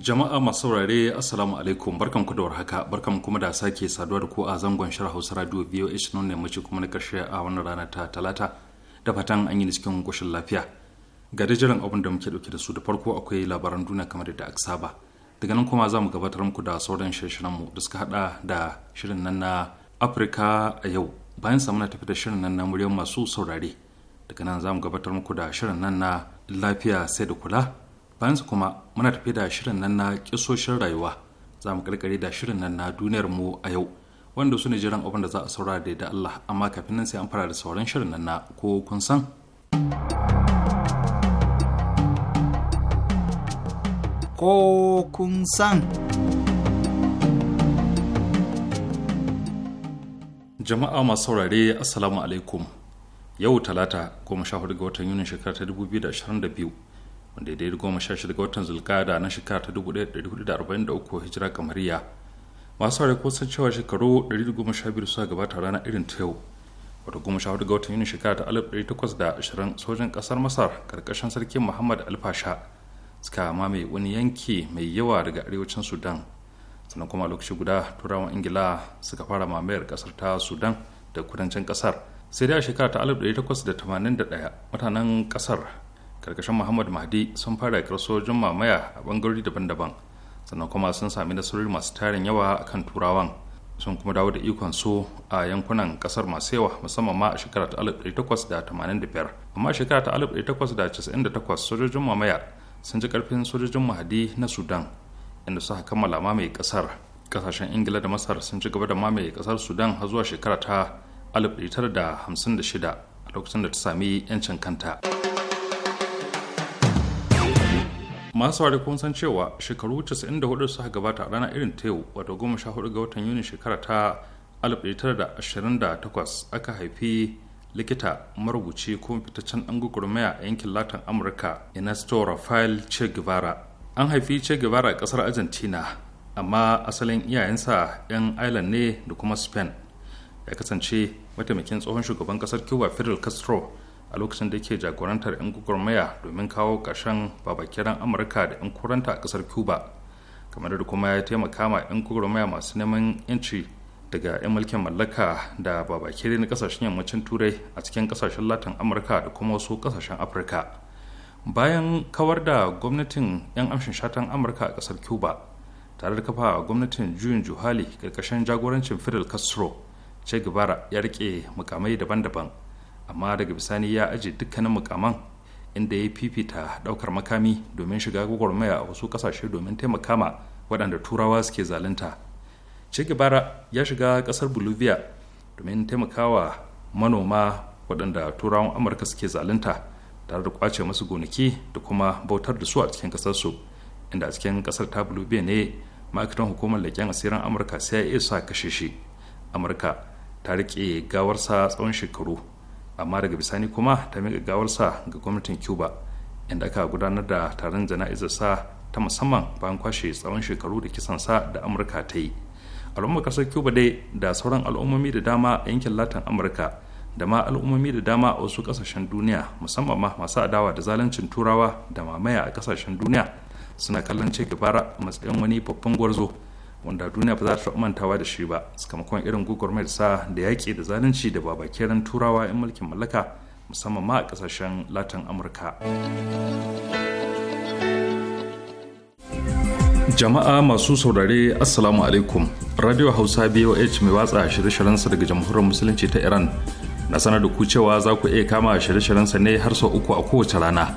jama'a masu saurare assalamu alaikum barkan ku da warhaka barkan kuma da sake saduwa da ku a zangon shirin hausa radio voh nan ne mace kuma na karshe a wannan rana ta talata da fatan an yi cikin koshin lafiya ga jiran abin da muke dauke da su da farko akwai labaran duniya kamar da aka saba daga nan kuma za mu gabatar muku da sauran shirin mu da suka hada da shirin nan na afirka a yau bayan samuna tafi da shirin nan na muryar masu saurare daga nan za mu gabatar muku da shirin nan na lafiya sai da kula bayan su kuma muna tafi da shirin nan na kisoshin rayuwa za mu karkare da shirin nan na duniyar mu a yau wanda su ne jiran abin da za a saurara da Allah amma kafin nan sai an fara da sauran shirin nan na ko kun san ko kun san jama'a masu saurare assalamu alaikum yau talata goma sha hudu ga watan yunin shekara ta 2022 wanda daidai goma sha shida ga watan zulkada na shekara ta 1443 hijira kamariya masu saurari ko san cewa shekaru 112 suka gabata rana irin ta yau wata goma sha hudu ga watan yuni shekara ta 1820 sojan kasar masar karkashin sarkin muhammad alfasha suka mamaye wani yanki mai yawa daga arewacin sudan sannan kuma lokaci guda turawan ingila suka fara mamayar kasar ta sudan da kudancin kasar sai dai a shekara ta 1881 mutanen kasar karkashin muhammad mahdi sun fara yakar sojin mamaya a bangarori daban-daban sannan kuma sun sami nasarori masu tarin yawa akan turawan sun kuma dawo da ikon su a yankunan kasar masu yawa musamman ma a shekara ta 1885 amma shekara ta 1898 sojojin mamaya sun ji karfin sojojin mahadi na sudan inda suka kammala mamaye kasar kasashen ingila da masar sun ci gaba da mamaye kasar sudan har zuwa shekara ta 1956 a lokacin da ta sami 'yancin kanta. masu ware kun san cewa shekaru 94 suka gabata a rana irin ta yau wato 14 ga watan yuni shekara ta 1928 aka haifi likita marubuci kuma fitaccen an gugurmaya a yankin latin amurka inesto rafael che guevara an haifi che guevara a kasar argentina amma asalin iyayensa 'yan island ne da kuma spain ya kasance mataimakin tsohon shugaban kasar cuba fidel castro a lokacin da ke jagorantar 'yan gwagwarmaya domin kawo ƙarshen babakiran amurka da 'yan kuranta a kasar cuba kamar da kuma ya taimaka ma 'yan gwagwarmaya masu neman 'yanci daga 'yan mulkin mallaka da babakire na ƙasashen yammacin turai a cikin kasashen latin amurka da kuma wasu kasashen afirka bayan kawar da gwamnatin 'yan amshin shatan amurka a ƙasar cuba tare da kafa gwamnatin juyin juhali ƙarƙashin jagorancin fidel castro che guevara ya rike mukamai daban-daban amma daga bisani ya aje dukkanin mukaman inda ya fifita daukar makami domin shiga gwagwarmaya a wasu kasashe domin taimaka ma waɗanda turawa suke zalunta che guevara ya shiga ƙasar bolivia domin taimakawa manoma waɗanda turawan amurka suke zalunta tare da kwace masu gonaki da kuma bautar da su a cikin ƙasarsu inda a cikin ƙasar ta bolivia ne ma'aikatan hukumar leƙen asirin amurka sai ya sa kashe shi amurka ta riƙe gawarsa tsawon shekaru amma daga bisani kuma ta miƙa gawarsa ga gwamnatin cuba inda aka gudanar da taron jana'izar sa ta musamman bayan kwashe tsawon shekaru da kisan sa da amurka ta yi al'ummar ƙasar cuba dai da sauran al'ummomi da dama a yankin latin amurka da ma al'ummomi da dama a wasu ƙasashen duniya musamman ma masu adawa da zaluncin turawa da mamaya a ƙasashen duniya suna kallon ce gabara a matsayin wani babban gwarzo wanda duniya ba za ta mantawa da shi ba sakamakon irin gugurmar sa da yaƙi da zalunci da babakeren turawa 'yan mulkin mallaka musamman ma a kasashen latin amurka jama'a masu saurare assalamu alaikum radio hausa boh mai watsa shirye sa daga jamhuriyar musulunci ta iran na sanar da ku cewa za ku iya kama shirye sa ne har sau uku a kowace rana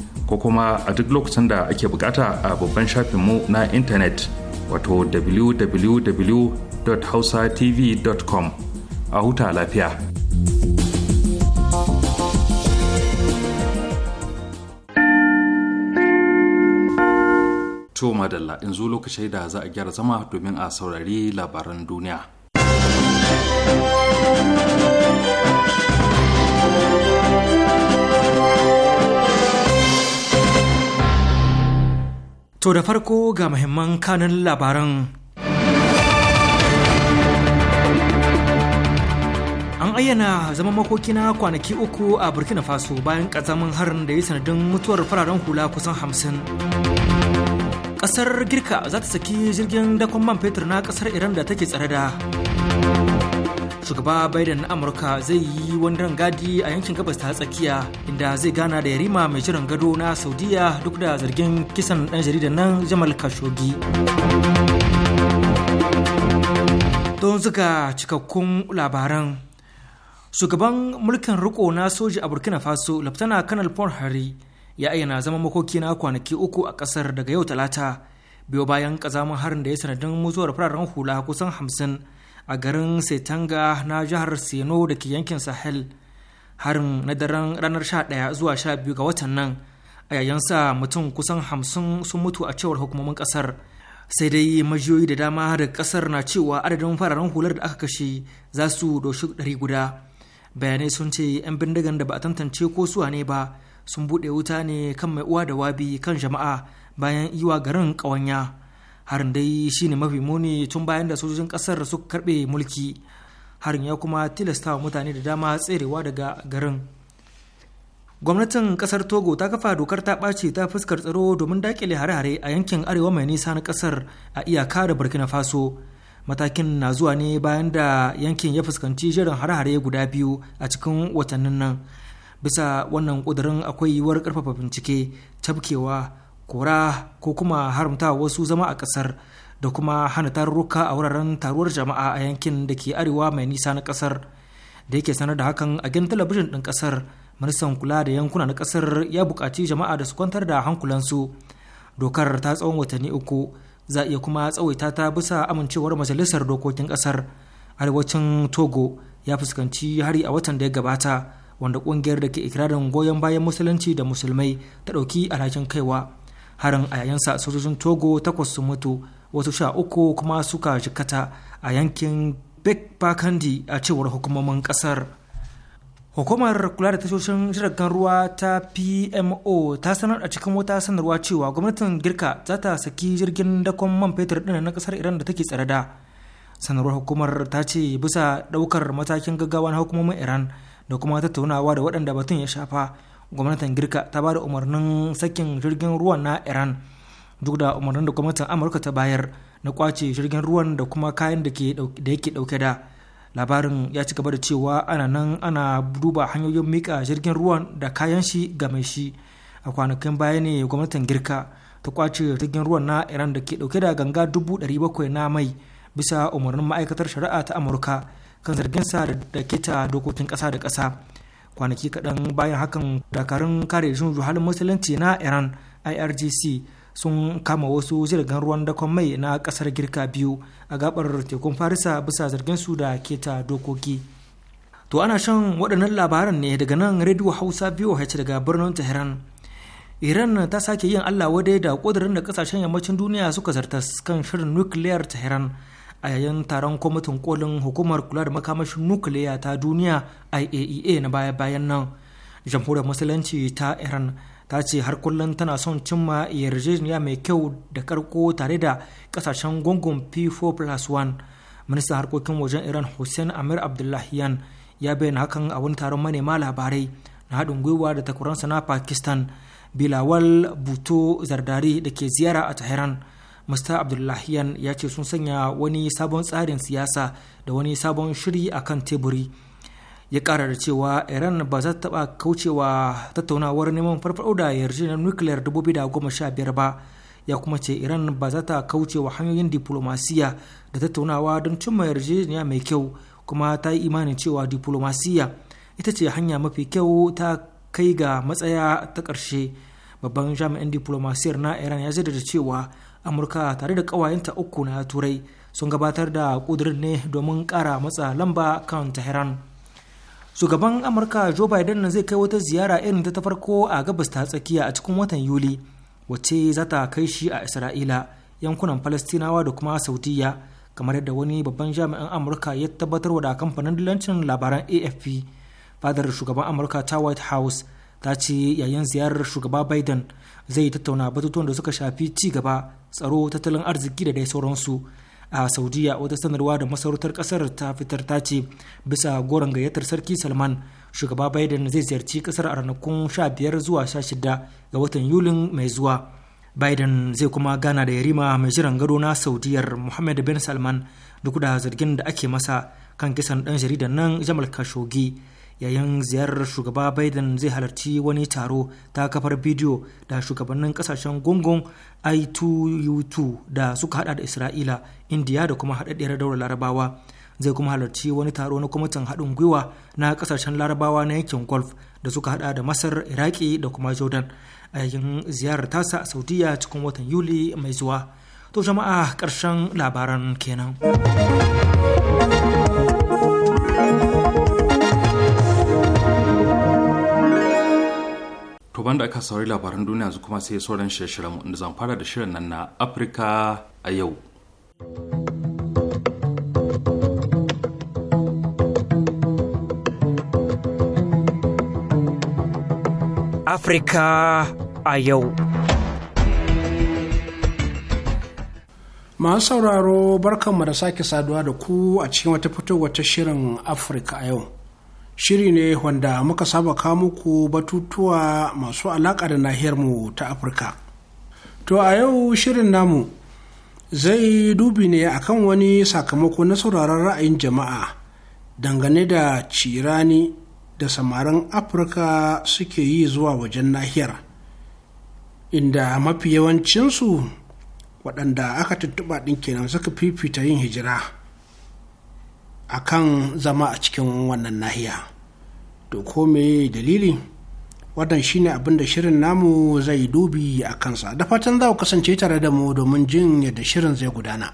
ko kuma a duk lokacin da ake bukata a babban shafinmu na intanet wato www.hausatv.com a huta lafiya. To madalla in zo lokacin da za a gyara zama domin a saurari labaran duniya. To da farko ga muhimman kanun labaran. An ayyana zama makoki na kwanaki uku a Burkina Faso bayan ƙazamin harin da ya sanadin mutuwar fararen hula kusan hamsin. Ƙasar Girka za ta saki jirgin dakon man fetur na ƙasar Iran da take tsare da. shugaba biden na amurka zai yi wani rangadi a yankin gabas ta tsakiya inda zai gana da yarima mai jiran gado na saudiya duk da zargin kisan dan jarida nan jamal khashoggi don zuga cikakkun labaran shugaban mulkin riko na soji a burkina faso laftana kanal paul hari ya ayyana zama makoki na kwanaki uku a kasar daga yau talata biyo bayan kazamin harin da ya sanadin mutuwar fararen hula kusan hamsin a garin setanga na jihar seno da ke yankin sahel harin na daren ranar 11 zuwa 12 ga watan nan a yayin sa mutum kusan hamsin sun mutu a cewar hukumomin kasar sai dai majiyoyi da dama da kasar na cewa adadin fararen hular da aka kashe za su doshi ɗari guda bayanai sun ce 'yan bindigan da ba a tantance ko suwa ne ba sun buɗe wuta ne kan mai uwa da wabi kan jama'a bayan iwa garin ƙawanya harin dai shine mafi muni tun bayan da sojojin kasar suka karbe mulki harin ya kuma tilastawa mutane da dama tserewa daga garin gwamnatin kasar togo ta kafa dokar ta ɓace ta fuskar tsaro domin dakile hare-hare a yankin arewa mai nisa na kasar a iyaka da burkina faso matakin na zuwa ne bayan da yankin ya fuskanci jerin hare-hare guda biyu a cikin watannin nan bisa wannan ƙudurin akwai yiwuwar karfafa bincike tabkewa kora ko kuma haramta wasu zama a kasar da kuma hana tarurruka a wuraren taruwar jama'a a yankin da ke arewa mai nisa na kasar da yake sanar da hakan a gidan talabijin ɗin ƙasar ministan kula da yankuna na ƙasar ya buƙaci jama'a da su kwantar da hankulansu dokar ta tsawon watanni uku za iya kuma tsawaita ta bisa amincewar majalisar dokokin ƙasar arewacin togo ya fuskanci hari a watan da ya gabata wanda ƙungiyar da ke ikirarin goyon bayan musulunci da musulmai ta ɗauki alhakin kaiwa harin a yayansa sojojin togo takwas su mutu wasu sha uku kuma suka jikata a yankin big bakandi a cewar hukumomin kasar hukumar kula da tashoshin jiragen ruwa ta pmo ta sanar a cikin wata sanarwa cewa gwamnatin girka za ta saki jirgin dakon man fetur ɗin na kasar iran da take tsare da sanarwar hukumar ta ce bisa ɗaukar matakin gaggawa na hukumomin iran da kuma tattaunawa da waɗanda batun ya shafa gwamnatin girka ta ba da umarnin sakin jirgin ruwan na iran duk da umarnin da gwamnatin amurka ta bayar na kwace jirgin ruwan da kuma kayan da yake dauke da labarin ya ci gaba da cewa ana nan ana duba hanyoyin mika jirgin ruwan da kayan shi ga mai shi a kwanakin baya ne gwamnatin girka ta kwace jirgin ruwan na iran da ke dauke da ganga dubu bakwai na mai bisa umarnin ma'aikatar shari'a ta amurka kan zargin sa da keta dokokin kasa da kasa. kwanaki kaɗan bayan hakan dakarun kare jin halin musulunci na iran irgc sun kama wasu jirgin ruwan dakon mai na ƙasar girka biyu a gabar tekun farisa bisa zargin su da keta dokoki to ana shan waɗannan labaran ne daga nan rediyo hausa biyu daga birnin tehran iran ta sake yin allah wadai da ƙudurin da ƙasashen yammacin duniya suka zartas kan shirin nukiliyar tehran a yayin taron kwamitin kolin hukumar kula da makamashin nukiliya ta duniya iaea e na baya-bayan nan jamhuriyar musulunci ta iran ta ce har kullum tana son cimma yarjejeniya mai kyau da karko tare da kasashen gungun p4 plus 1 ministan harkokin wajen iran hussein amir abdullahiyan ya bayyana hakan a wani taron manema labarai na haɗin gwiwa da takwaransa na pakistan bilawal buto zardari da ke ziyara a tehran mr abdullahiyan ya ce sun sanya wani sabon tsarin siyasa da wani sabon shiri a kan teburi ya kara da cewa iran ba za ta taba kaucewa tattaunawar neman farfaɗo da yarjejeniyar nukiliyar 2015 ba ya kuma ce iran ba za ta kaucewa hanyoyin diplomasiya da tattaunawa don cimma yarjejeniya mai kyau kuma ta yi imanin cewa diplomasiya ita ce hanya mafi kyau ta kai ga matsaya ta ƙarshe babban jami'in diplomasiyar na iran ya da cewa amurka tare da ƙawayenta uku na turai sun gabatar da ƙudurin ne domin kara matsa lamba kan tehran shugaban amurka joe biden zai kai wata ziyara irin ta farko a gabas ta tsakiya a cikin watan yuli wacce za ta kai shi a isra'ila yankunan falastinawa da kuma saudiya kamar yadda wani babban jami'in amurka ya tabbatar da kamfanin dillancin labaran afp fadar shugaban amurka ta white house ta ce yayin ziyarar shugaba biden zai tattauna batutuwan da suka shafi ci gaba tsaro tattalin arziki da dai sauransu a saudiya wata sanarwa da masarautar kasar ta fitar ta ce bisa goron gayyatar sarki salman shugaba biden zai ziyarci kasar a ranakun 15 zuwa 16 ga watan yulin mai zuwa biden zai kuma gana da yarima mai jiran gado na saudiyar muhammad bin salman duk da zargin da ake masa kan kisan dan jaridan nan jamal kashogi. yayin ziyarar shugaba biden zai halarci wani taro ta kafar bidiyo da shugabannin kasashen gungun i2u2 da suka hada da isra'ila indiya da kuma haɗaɗɗiyar daular larabawa zai kuma halarci wani taro na kwamitin haɗin gwiwa na kasashen larabawa na yankin golf da suka hada da masar iraki da kuma jordan a yayin ziyarar tasa a saudiya cikin watan yuli mai zuwa to jama'a ƙarshen labaran kenan to da aka saurari labaran duniya yanzu kuma sai sauran shirye-shiryen inda zan fara da shirin nan na afirka a yau Afirka a yau. Masu sauraro barkanmu da sake saduwa da ku a cikin wata fitowar ta shirin Afirka a yau. shiri ne wanda muka saba kawo muku batutuwa masu alaƙa da nahiyarmu ta afirka to a yau shirin namu zai dubi ne akan wani sakamako na sauraron ra'ayin jama'a dangane da cirani da samarin afirka suke yi zuwa wajen nahiyar inda mafi yawancinsu waɗanda aka tuttuɓa ɗin kenan suka fifita yin hijira akan zama a cikin wannan nahiya. to ko me dalili wannan shine abin da shirin namu zai dubi a kansa da fatan za ku kasance tare da mu domin jin yadda shirin zai gudana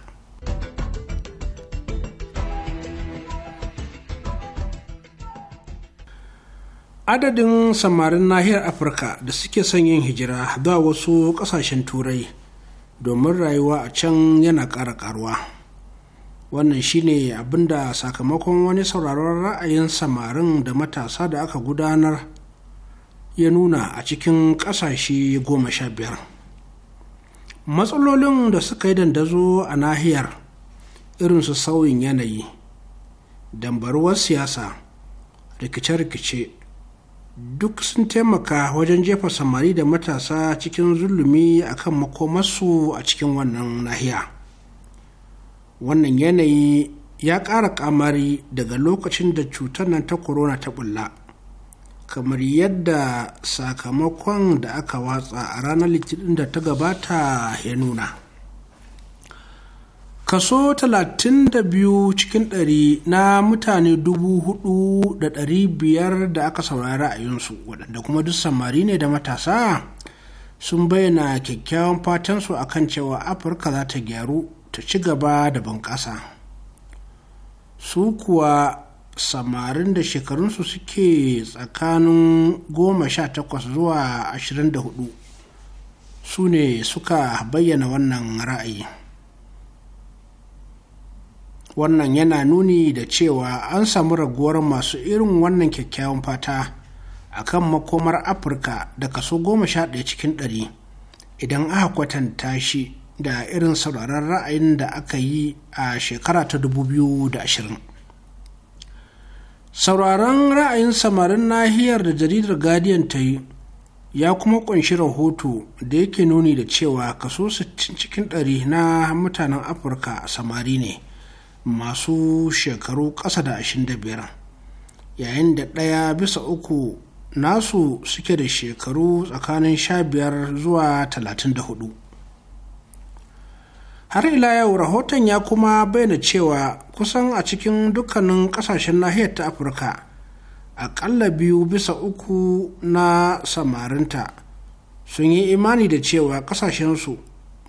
adadin samarin nahiyar afirka da suke son yin hijira zuwa wasu kasashen turai domin rayuwa a can yana ƙara ƙaruwa wannan shine da sakamakon wani sauraron ra'ayin samarin da matasa da aka gudanar ya nuna a cikin ƙasashe goma sha biyar matsalolin da suka yi dandazo a nahiyar irin su sauyin yanayi dambaruwar siyasa rikice-rikice duk sun taimaka wajen jefa samari da matasa cikin zulumi akan makomarsu a cikin wannan nahiyar. wannan yanayi ya ƙara kamari daga lokacin da cutar nan ta corona ta bulla kamar yadda sakamakon da aka watsa a ranar litinin da ta gabata ya nuna kaso 32 cikin 100 na mutane 4,500 da aka saurari ra'ayinsu waɗanda kuma duk samari ne da matasa sun bayyana kyakkyawan fatansu a kan cewa afirka za ta gyaru ta ci gaba da bunƙasa su kuwa samarin da shekarunsu suke tsakanin goma sha takwas zuwa ashirin da hudu su ne suka bayyana wannan ra'ayi wannan yana nuni da cewa an samu raguwar masu irin wannan kyakkyawan fata a kan makomar afirka da kaso goma sha ɗaya cikin ɗari idan aka kwatanta shi da irin sauraron ra'ayin da aka yi a shekara ta 2020 sauraron ra'ayin samarin nahiyar da jaridar guardian ta yi ya kuma kunshi rahoto da yake nuni da cewa kaso 60 cikin 100 na mutanen afirka samari ne masu shekaru ƙasa da 25 yayin da ɗaya bisa uku nasu suke da shekaru tsakanin 15 zuwa 34 har ila yau rahoton ya kuma bayyana cewa kusan a cikin dukkanin kasashen nahiyar ta afirka aƙalla biyu bisa uku na samarinta sun yi imani da cewa kasashensu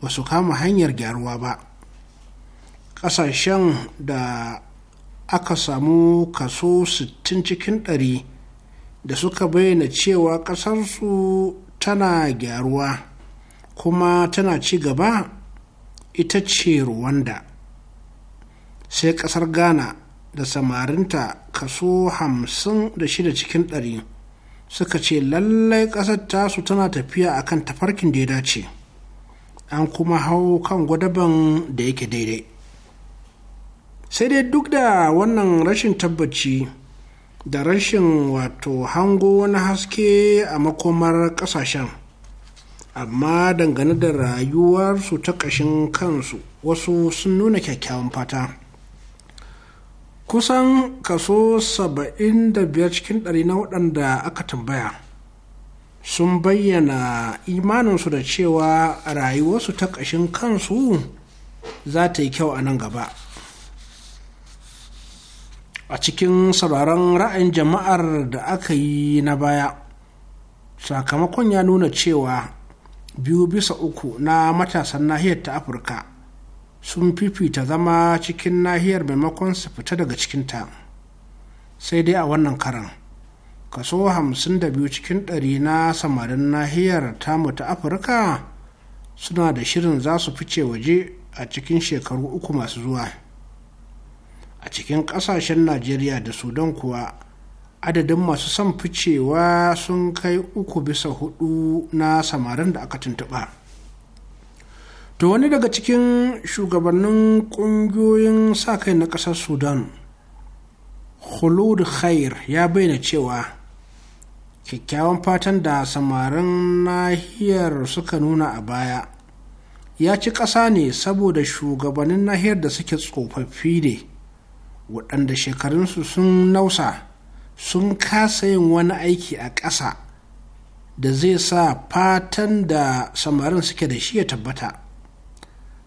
ba su kama hanyar gyaruwa ba kasashen da aka samu kaso 60 cikin 100 da suka bayyana cewa ƙasarsu tana gyaruwa kuma tana ci gaba ita ce rwanda sai kasar ghana da samarinta kaso 56 cikin ɗari suka ce lallai ƙasar tasu tana tafiya akan tafarkin da ya dace an kuma hau kan gwadaban da yake daidai sai dai duk da wannan rashin tabbaci da rashin wato hango na haske a makomar kasashen. amma dangane da rayuwarsu ta ƙashin kansu wasu sun nuna kyakkyawan fata kusan kaso 75 cikin ɗari na waɗanda aka tambaya sun bayyana imaninsu da cewa rayuwarsu ta ƙashin kansu za ta yi kyau a nan gaba a cikin sauraron ra'ayin jama'ar da aka yi na baya sakamakon ya nuna cewa biyu bisa uku na matasan nahiyar ta afirka sun fifita zama cikin nahiyar maimakon su fita daga cikinta sai dai a wannan karan kaso Hamsin da biyu cikin ɗari na samarin nahiyar tamu ta afirka suna da shirin za su fice waje a cikin shekaru uku masu zuwa a cikin ƙasashen najeriya da sudan kuwa adadin masu son ficewa sun kai uku bisa hudu na samarin da aka tuntuɓa to wani daga cikin shugabannin ƙungiyoyin sa-kai na ƙasar sudan khulud khair ya bayyana cewa kyakkyawan fatan da samarin nahiyar suka nuna a baya ya ci ƙasa ne saboda shugabannin nahiyar da suke tsofaffi ne waɗanda shekarunsu sun nausa sun kasa yin wani aiki a ƙasa da zai sa fatan da samarin suke da shi ya tabbata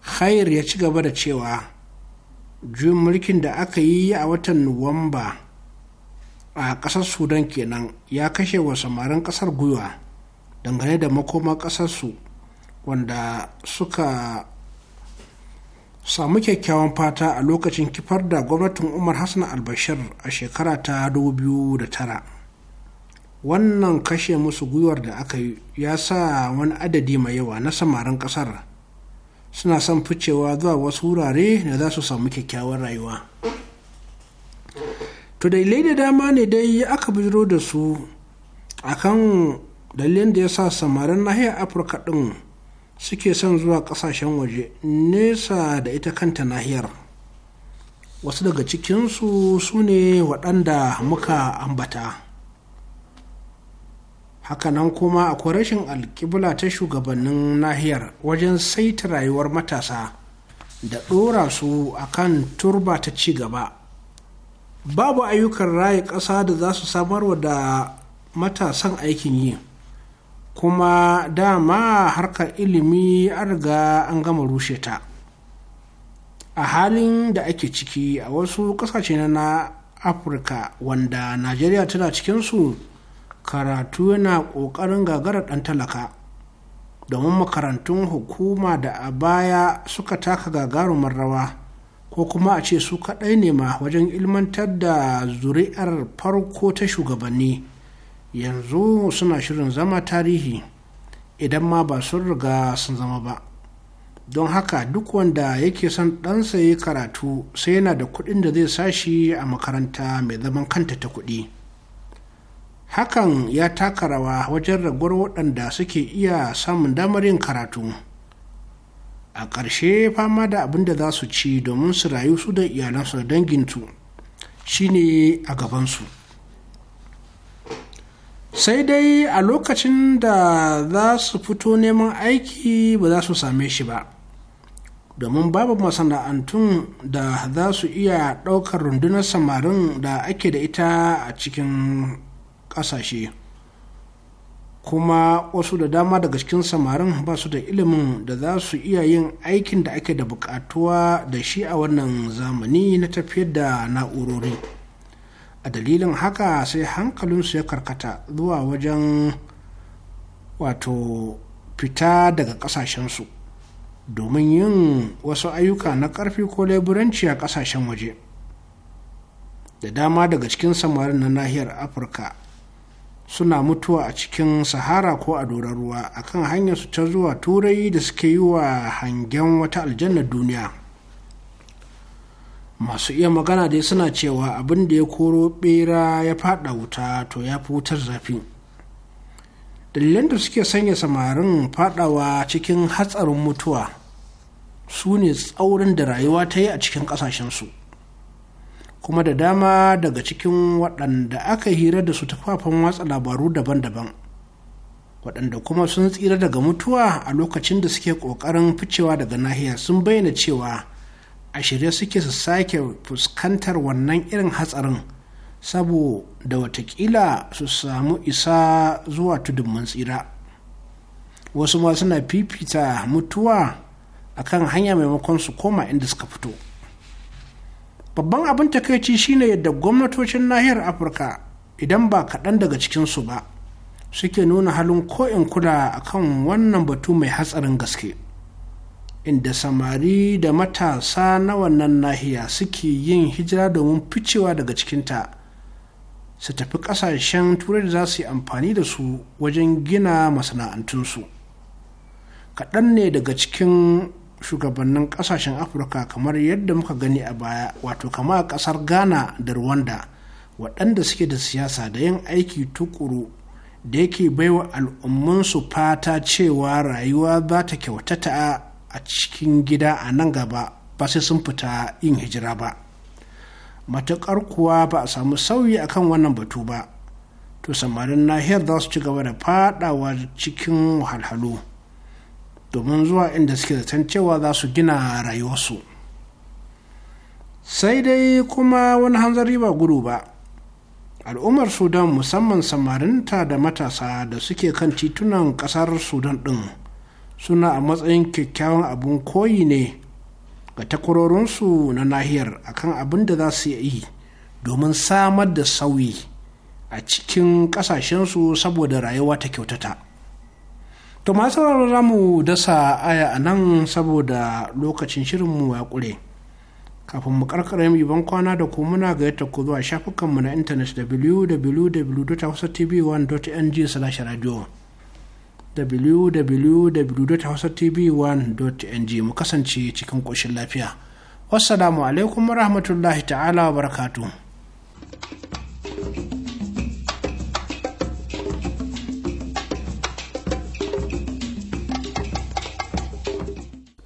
khair ya ci gaba da cewa juyin mulkin da aka yi a watan nuwamba a ƙasar sudan kenan ya kashe wa samarin ƙasar gwiwa dangane da makoma su wanda suka samu kyakkyawan fata a lokacin kifar da gwamnatin umar hassan albashir a shekara ta 2009 wannan kashe musu gwiwar da aka yi ya sa wani adadi mai yawa na samarin kasar suna son ficewa zuwa wasu wurare da za su samu kyakkyawan rayuwa to dalilai da dama ne dai aka bijiro da su akan dalilin da ya sa samarin nahiyar afirka ɗin suke son zuwa kasashen waje nesa da ita kanta nahiyar wasu daga cikinsu su ne waɗanda muka ambata hakanan kuma akwai rashin alkibla ta shugabannin nahiyar wajen saita rayuwar matasa da ɗora su akan turba ta ci gaba babu ayyukan raye ƙasa da za su samarwa da matasan aikin yi kuma dama harkar ilimi an riga an gama rushe ta a halin da ake ciki a wasu ƙasashe na afirka wanda najeriya tana cikinsu karatu yana ƙoƙarin gagarar ɗan talaka domin makarantun hukuma da a baya suka taka gagarumar rawa ko kuma a ce su kaɗai ne wajen ilmantar da zuri'ar farko ta shugabanni yanzu suna shirin zama tarihi idan ma ba sun riga sun zama ba don haka duk wanda yake son ɗansa ya karatu sai yana da kuɗin da zai sashi a makaranta mai zaman kanta ta kuɗi hakan ya taka rawa wajen raguwar waɗanda suke iya samun damar yin karatu a ƙarshe fama da abin da za su ci domin su rayu su da iyalansu da danginsu shine a gabansu. sai dai a lokacin da za su fito neman aiki ba za su same shi ba domin babu masana'antun da za su iya ɗaukar rundunar samarin da ake da ita a cikin ƙasashe kuma wasu da dama daga cikin samarin ba su da ilimin da za su iya yin aikin da ake da buƙatuwa da shi a wannan zamani na tafiyar da na'urori. a dalilin haka sai hankalinsu ya karkata zuwa wajen wato fita daga ƙasashensu domin yin wasu ayyuka na ƙarfi ko leburanci a ƙasashen waje da dama daga cikin samarin na nahiyar afirka suna mutuwa a cikin sahara ko a doron ruwa akan hanyar su ta zuwa turai da suke yi wa hangen wata aljannar duniya masu iya magana dai suna cewa abin da ya koro bera ya fada wuta to ya fi wutar zafi dalilan da suke sanya samarin fadawa cikin hatsarin mutuwa su ne tsaurin da rayuwa ta yi a cikin ƙasashensu kuma da dama daga cikin waɗanda aka hira da su tafafan watsa labaru daban-daban waɗanda kuma sun tsira daga mutuwa a lokacin da suke ƙoƙarin ficewa daga nahiya sun bayyana cewa a shirye suke su sake fuskantar wannan irin hatsarin saboda watakila su samu isa zuwa tudun mun tsira wasu ma suna fifita mutuwa a kan hanya maimakon su koma inda suka fito babban abin takaici shine yadda gwamnatocin nahiyar afirka idan ba kaɗan daga cikinsu ba suke nuna halin ko'in kula akan wannan batu mai hatsarin gaske inda samari da matasa na wannan nahiya suke yin hijira domin ficewa daga cikinta su tafi ƙasashen turai da za su yi amfani da su wajen gina masana'antunsu kaɗan ne daga cikin shugabannin ƙasashen afirka kamar yadda muka gani a baya wato kama a ƙasar ghana da rwanda waɗanda suke da siyasa da yin aiki tukuru da yake baiwa al'ummansu fata cewa rayuwa za ta kyautata a cikin gida a nan gaba ba sai sun fita yin hijira ba matuƙar kuwa ba a samu sauyi a kan wannan batu ba to samarin nahiyar za su ci gaba da fadawa cikin wahalhalu domin zuwa inda suke zaton cewa za su gina rayuwarsu sai dai kuma wani hanzari ba gudu ba al'ummar sudan musamman samarinta da matasa da suke kan titunan ƙasar sudan ɗin suna a matsayin kyakkyawan abin koyi ne ga takwarorinsu na nahiyar akan abin da za su yi domin samar da sauyi a cikin ƙasashensu saboda rayuwa ta kyautata to masu sauraron za mu dasa aya a nan saboda lokacin shirinmu ya kure kafin mu karkara yin ban kwana da ku muna ga yadda ku zuwa shafukanmu na intanet www.hausatv1.ng/radio www.hausatv1.ng mu kasance cikin ƙoshin lafiya. Wassalamu alaikum rahmatullahi ta'ala wa barakatu.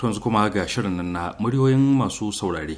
yanzu kuma ga shirin nan na muryoyin masu saurare.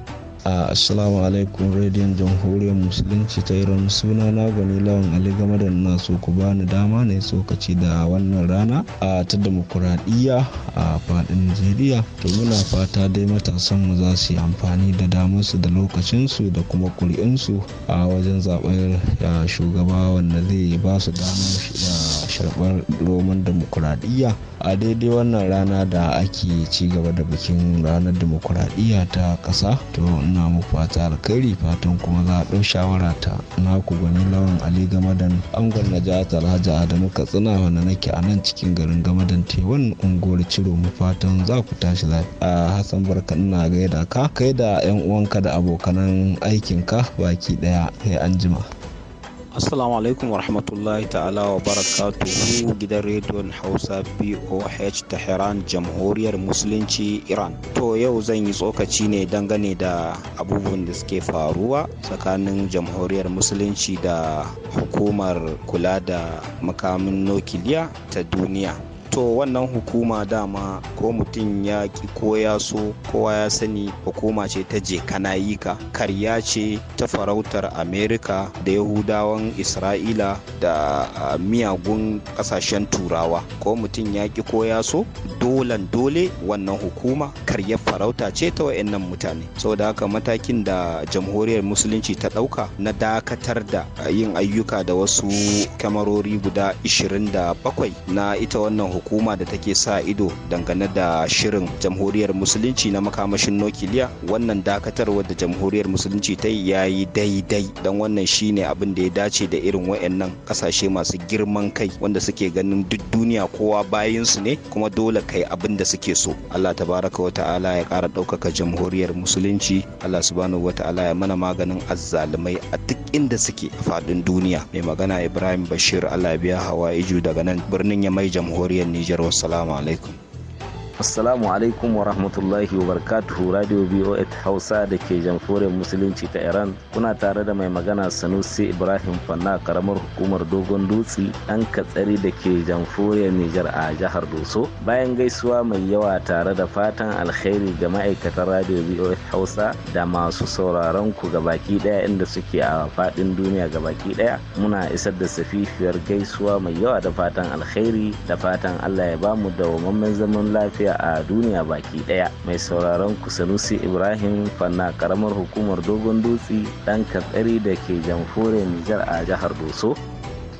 a assalamu alaikum rediyon jamhuriyar musulunci ta iran suna na gwani lawan ali game da na so ku bani dama ne tsokaci da wannan rana a ta demokuraɗiyya a faɗin nigeria to muna fata dai matasan mu za su yi amfani da damarsu da lokacinsu da kuma kuri'insu a wajen zaɓen shugaba wanda zai ba su damar sharɓar roman demokuraɗiyya a daidai wannan rana da ake ci gaba da bikin ranar dimokuraɗiyya ta ƙasa to ina muku fata alkhairi fatan kuma za a ɗau shawara ta naku gwani lawan ali gamadan angon na najat da adamu katsina wanda nake a nan cikin garin gamadan tewan unguwar ciro mu fatan za ku tashi lafiya A hassan barka ina gaida ka kai da yan uwanka da abokanan aikinka baki ɗaya Kai anjima. Assalamu alaikum wa rahmatullahi ta'ala wa barakatuhu gidan rediyon Hausa BOH Tehran Jamhuriyar Musulunci Iran. To yau zan yi tsokaci ne dangane da abubuwan da suke faruwa tsakanin Jamhuriyar Musulunci da hukumar kula da makamin nukiliya ta duniya. to wannan hukuma dama ko mutum ya ki ko ya so kowa ya sani hukuma ce ta je kanayika karya ce ta farautar amerika da yahudawan isra'ila da miyagun ƙasashen turawa ko mutum ya ki ko ya so dolan dole wannan hukuma karya farauta ce ta wayannan mutane saboda haka matakin da jamhuriyar musulunci ta ɗauka na dakatar da yin ayyuka da wasu kamarori guda 27 na ita wannan hukuma hukuma da take sa ido dangane da shirin jamhuriyar musulunci na makamashin nukiliya wannan dakatarwar da jamhuriyar musulunci ta yi ya yi daidai don wannan shine abin da ya dace da irin wa'annan kasashe masu girman kai wanda suke ganin duk duniya kowa su ne kuma dole kai abin da suke so allah tabaraka wa ta'ala ya kara ɗaukaka jamhuriyar musulunci allah subhanahu wa ta'ala ya mana maganin azzalumai a duk inda suke a faɗin duniya mai magana ibrahim bashir allah biya hawa iju daga nan birnin ya yamai jamhuriyar Nijar wassalamu alaikum Assalamu alaikum wa rahmatullahi wa barakatuhu Radio BOA Hausa da ke jamhuriyar Musulunci ta Iran kuna tare da mai magana Sanusi Ibrahim Fanna karamar hukumar Dogon Dutse ɗan katsari da ke jamhuriyar Nijar a jihar Doso. Bayan gaisuwa mai yawa tare da fatan alkhairi ga ma'aikatan Radio BOA Hausa da masu sauraron ku ga baki ɗaya inda suke a faɗin duniya ga baki ɗaya muna isar da safifiyar gaisuwa mai yawa da fatan alkhairi da fatan Allah ya bamu dawwammamen zaman lafiya lafiya a duniya baki daya mai sauraron kusanusi ibrahim fanna karamar hukumar dogon dutse dan katsari da ke jamfore nijar a jihar doso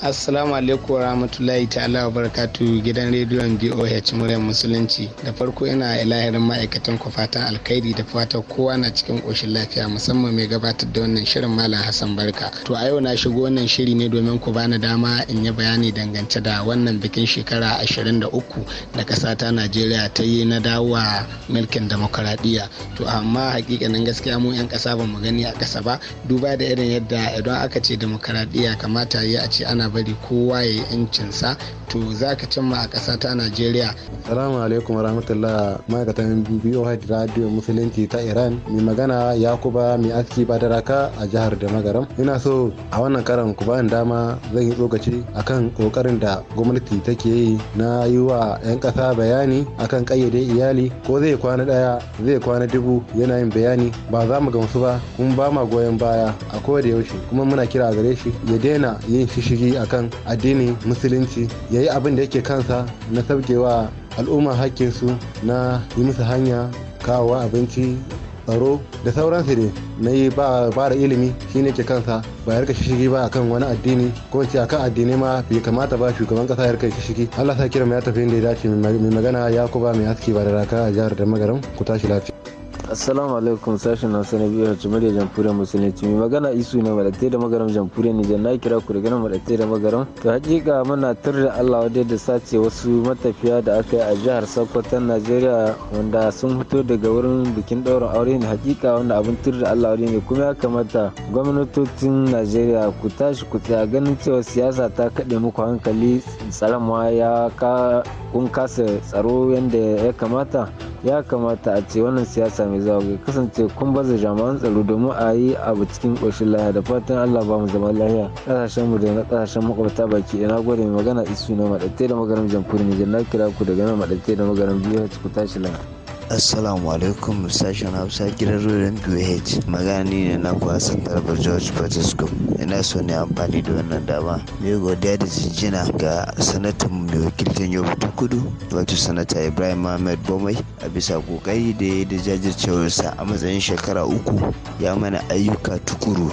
Assalamu alaikum warahmatullahi ta'ala wa barakatu gidan rediyon BOH muryar musulunci. Da farko ina ilahirin ma'aikatan ku fatan alkhairi da fatan kowa na cikin koshin lafiya musamman mai gabatar da wannan shirin Malam Hassan Barka. To a yau na shigo wannan shiri ne domin ku bani dama in yi bayani dangance da wannan bikin shekara 23 da ƙasa ta Najeriya ta yi na dawowa mulkin demokaradiyya. To amma hakikanin gaskiya mu 'yan ƙasa ba mu gani a ƙasa ba duba da irin yadda idan aka ce demokaradiyya kamata ya a ce ana bari kowa ya yi yancinsa to za ka cimma a ƙasa ta najeriya salamu alaikum rahmatullah ma'aikatan biyu radio musulunci ta iran mai magana yakuba mai aski ba badaraka a jihar da magaram ina so a wannan karan ku bani dama zan yi tsokaci akan kokarin da gwamnati take yi na yi wa 'yan ƙasa bayani akan ƙayyade iyali ko zai kwana ɗaya zai kwana dubu yana yin bayani ba za mu gamsu ba kuma ba ma goyon baya a da yaushe kuma muna kira gare shi ya daina yin shishigi akan addini musulunci ya yi abin da yake kansa na sabgewa al'umma hakkinsu na yi musu hanya kawowa abinci tsaro da sauransu ne na yi ba da ilimi shine ke kansa ba yarka shishigi ba akan wani addini ko ce akan addini ma bai kamata ba shugaban kasa yarka shishigi Allah sa kiran ya tafi inda ya dace mai magana ya ba mai aski ba da raka a jihar da magaran ku tashi lafiya assalamu alaikum sashen hausa na biyu hajji murya jamhuriyar musulunci mai magana isu ne malatai da magaram jamhuriyar nijar na kira ku ganin nan da magaram to hakika muna tur da allah wadai da sace wasu matafiya da aka yi a jihar sokoton najeriya wanda sun fito daga wurin bikin ɗaurin aure ne hakika wanda abin tur da allah ne kuma ya kamata gwamnatocin najeriya ku tashi ku tsaya ganin cewa siyasa ta kaɗe muku hankali tsaron ma ya ka kun kasa tsaro yadda ya kamata ya kamata a ce wannan siyasa mai zagaye kasance kun baza jami'an tsaro domin a yi abu cikin ƙoshin lahiya da fatan Allah ba mu zama lahiya ƙasashen mu da na ƙasashen makwabta baki ina gwada magana isu na maɗatte da magaram jamhuriyar Nijar na kira ku daga nan maɗatte da magaram biyu ku tashi lahiya. assalamu alaikum sashen hausa gidan rurin bh magana ne na kwasan tarbar george batisco ina so ne amfani da wannan dama mai godiya da jinjina ga sanatan mai wakiltar yau ta kudu wato sanata ibrahim ahmed bomai a bisa kokari da ya da jajircewarsa a matsayin shekara uku ya mana ayyuka tukuru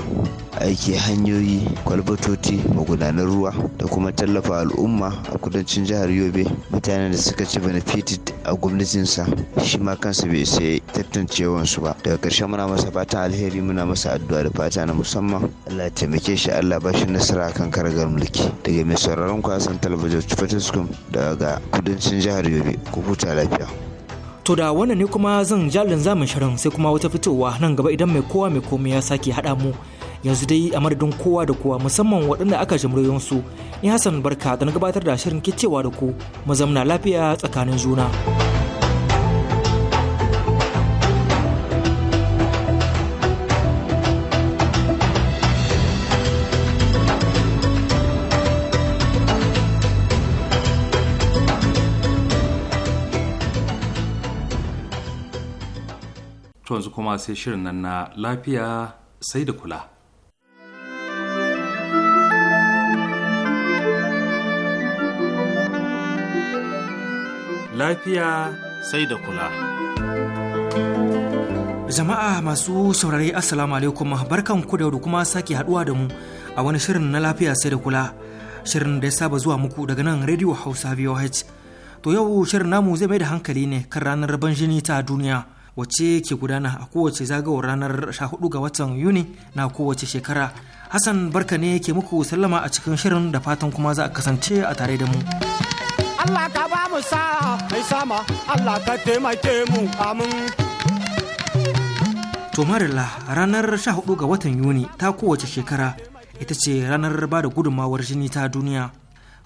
aiki hanyoyi kwalbatoti magudanar ruwa da kuma tallafa al'umma a kudancin jihar yobe mutanen da suka ci benefited a gwamnatinsa shi ma kansu bai sai tantancewar su ba daga ƙarshe muna masa fatan alheri muna masa addu'a da fata na musamman Allah ya taimake shi Allah ba shi nasara kan karagar mulki daga mai sauraron kwasan talabijin Fatiskum daga kudancin jihar Yobe ku huta lafiya. To da wannan ne kuma zan jalin zamin shirin sai kuma wata fitowa nan gaba idan mai kowa mai komai ya sake hada mu yanzu dai a madadin kowa da kowa musamman waɗanda aka jimriyon su in Hassan Barka da na gabatar da shirin kicewa da ku mu zamna lafiya tsakanin juna. to yanzu kuma sai shirin nan na lafiya sai da kula lafiya sai da kula jama'a masu saurari assalamu alaikum barkan ku da kuma sake haduwa da mu a wani shirin na lafiya sai da kula shirin da ya saba zuwa muku daga nan radio hausa voh to yau shirin namu zai mai da hankali ne kan ranar ban jini ta duniya wace ke gudana a kowace zagawar ranar 14 ga watan Yuni na kowace shekara. Hassan barka ne ke muku sallama a cikin shirin da fatan kuma za a kasance a tare da mu. Allah ka ba mu sa'a mai sama Allah ka taimake mu amin. To marilla ranar 14 ga watan Yuni ta kowace shekara ita ce ranar ba da gudunmawar jini ta duniya.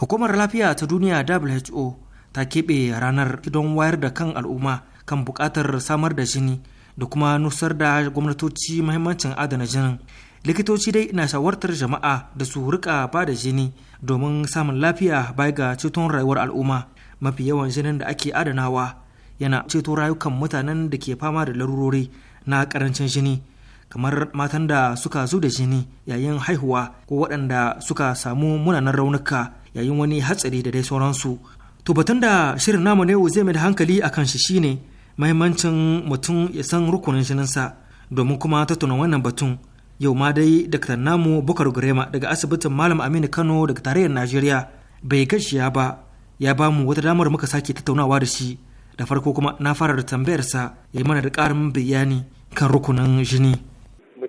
Hukumar lafiya ta duniya WHO ta keɓe ranar don wayar da kan al'umma kan buƙatar samar da jini da kuma nusar da gwamnatoci mahimmancin adana jinin likitoci dai na shawartar jama'a da su rika ba da jini domin samun lafiya bai ga ceton rayuwar al'umma mafi yawan jinin da ake adanawa yana ceto rayukan mutanen da ke fama da larurori na karancin jini kamar matan da suka zo da jini yayin haihuwa ko waɗanda suka samu munanan raunuka yayin wani hatsari da dai sauransu to da shirin namu ne zai mai da hankali akan shi shine mahimmancin mutum ya san rukunin jininsa domin kuma tattauna wannan batun yau ma dai daktar namu bukar gurema daga asibitin malam aminu kano daga tarayyar najeriya bai gaishiya ba ya ba mu wata damar muka sake tattaunawa da shi da farko kuma na fara da tambayarsa ya yi mana da ƙarin bayani kan rukunin jini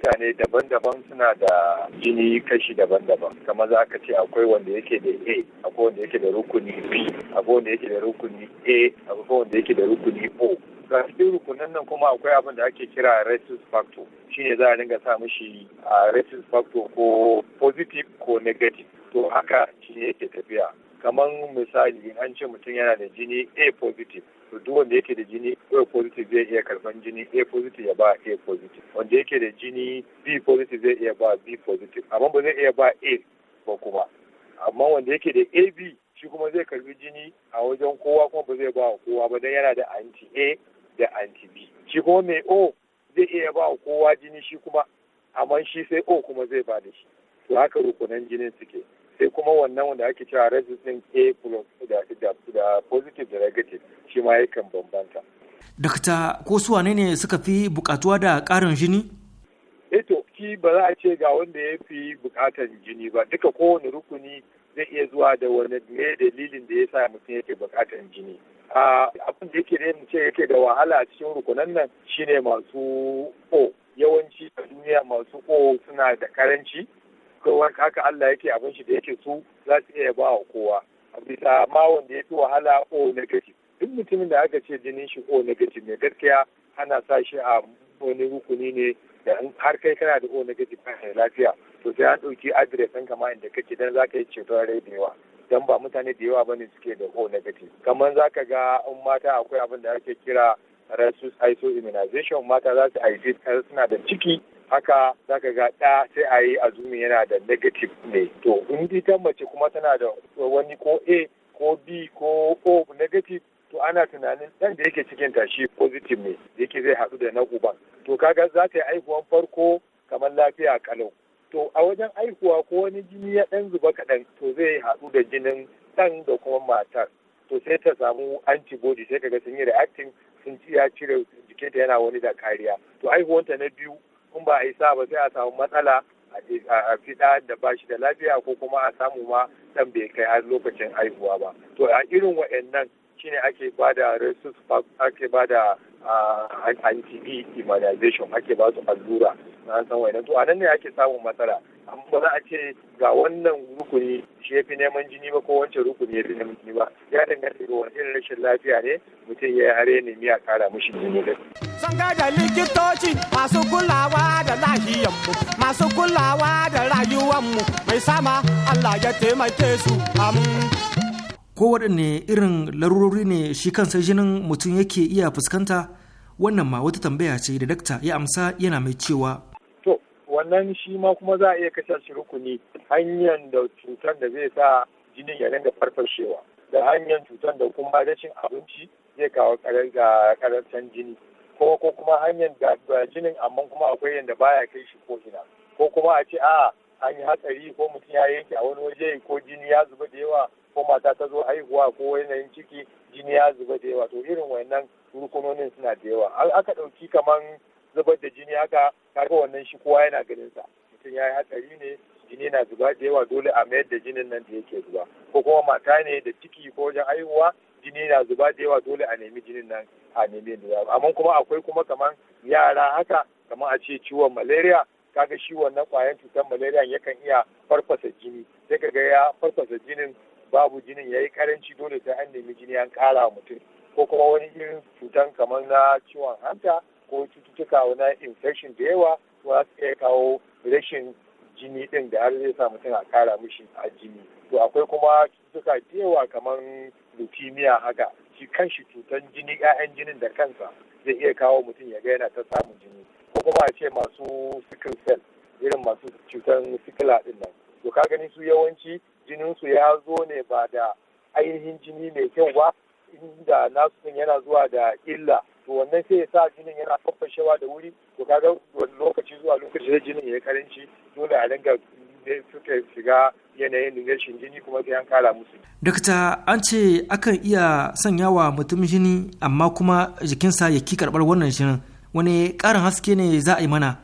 mutane daban-daban suna da jini kashi daban-daban kamar za ka ce akwai wanda yake da a akwai wanda yake da rukuni b akwai wanda yake da rukuni a akwai wanda yake da rukuni o ga cikin rukunan nan kuma akwai abin da ake kira retus factor shine za a dinga sa mishi a retus factor ko positive ko negative to haka shi yake tafiya kamar misali an ce mutum yana da jini a positive to duk wanda yake da jini A positive zai iya karban jini A positive ya ba A positive wanda yake da jini B positive zai iya ba B positive amma ba zai iya ba A ba kuma amma wanda yake da AB shi kuma zai karbi jini a wajen kowa kuma ba zai ba kowa ba dan yana da anti A da anti B shi kuma mai O zai iya ba kowa jini shi kuma amma shi sai O kuma zai ba da shi to haka rukunan jinin suke sai kuma wannan wanda ake cewa resis ɗin a plus da positive da negative shi ma yakan bambanta dakta ko su wane ne suka fi bukatuwa da ƙarin jini eto eh ki ba za a ce ga wanda ya fi bukatar jini ba duka kowane rukuni zai iya zuwa da wani ne dalilin da ya sa mutum yake bukatar jini abin da yake nemi ce yake da wahala a cikin rukunan nan shine masu o yawanci a duniya masu o suna da karanci kowa haka Allah yake abin shi da yake su za su iya ba wa kowa a bisa ma wanda ya fi wahala o negative duk mutumin da aka ce jinin shi o negative ne gaskiya ana sa shi a wani rukuni ne da har kai kana da o negative kan lafiya to sai an ɗauki adres ɗin kama inda kake dan za ka yi ceton rai da yawa dan ba mutane da yawa ba ne suke da o negative kamar za ka ga in mata akwai abin da ake kira Rasus iso immunization mata za su aiki suna da ciki haka za ka ga ɗa sai a yi azumi yana da negative ne to in ita mace kuma tana da wani ko a ko b ko o negative to ana tunanin ɗan da yake cikin tashi positive ne yake zai haɗu da na uban to kaga za ta yi aihuwan farko kamar lafiya kalau to a wajen aihuwa ko wani jini ya ɗan zuba kaɗan to zai haɗu da jinin ɗan da kuma matar to sai ta samu antibody sai kaga sun yi reacting sun ci ya cire jikinta yana wani da kariya to aihuwanta na biyu in ba a yi sa ba sai a samu matsala a fiɗa da ba shi da lafiya ko kuma a samu ma dan bai kai har lokacin haihuwa ba to a irin wa'annan shine ake da resus ake ba da anti immunization ake ba su allura na san wa'annan to a nan ne ake samun matsala amma za a ce ga wannan rukuni shi ya fi neman jini ba ko wancan rukuni ya fi neman jini ba ya danganta ga wani irin rashin lafiya ne mutum ya yi are ne miya kara mushi jini da san da likitoci masu kulawa da mu, masu kulawa da mu, mai sama Allah ya taimake su ko waɗanne irin larurori ne shi kansa jinin mutum yake iya fuskanta wannan ma wata tambaya ce da dakta ya amsa yana mai cewa wannan shi ma kuma za a iya kashe shi rukuni hanyar da cutar da zai sa jinin ya dinga farfashewa da hanyar cutar da kuma rashin abinci zai kawo karancin jini ko ko kuma hanyar da jinin amma kuma akwai yadda baya kai shi ko ina ko kuma a ce a an yi hatsari ko mutum ya yanke a wani waje ko jini ya zuba da yawa ko mata ta zo haihuwa ko yanayin ciki jini ya zuba da yawa to irin wannan rukunonin suna da yawa aka ɗauki kamar. zubar da jini haka kaga wannan shi kowa yana ganin sa mutum ya yi hatsari ne jini na zuba da yawa dole a mayar da jinin nan da yake zuba ko kuma mata ne da ciki ko wajen haihuwa jini na zuba da yawa dole a nemi jinin nan a nemi da amma kuma akwai kuma kaman yara haka kamar a ce ciwon malaria kaga shi wannan kwayan cutar malaria yakan iya farfasa jini sai kaga ya farfasa jinin babu jinin yayi karanci dole sai an nemi jini an kara mutum ko kuma wani irin cutan kamar na ciwon hanta ko cututtuka na infection da yawa ko za su iya kawo rashin jini din da har zai sa mutum a kara mishi a jini to akwai kuma cututtuka da yawa kamar leukemia haka shi kanshi cutan jini 'ya'yan jinin da kansa zai iya kawo mutum ya ga yana ta samun jini ko kuma a ce masu sickle cell irin masu cutan sikila din nan to ka gani su yawanci jinin su ya zo ne ba da ainihin jini mai kyau ba inda nasu yana zuwa da illa to wannan sai ya sa jinin yana fafashewa da wuri to kaga lokaci zuwa lokaci da jinin ya karanci dole a dinga ne suka shiga yanayin rashin jini kuma sai an kala musu. Dokta an ce akan iya sanya wa mutum jini amma kuma jikinsa ya ki karɓar wannan jinin wani ƙarin haske ne za a yi mana.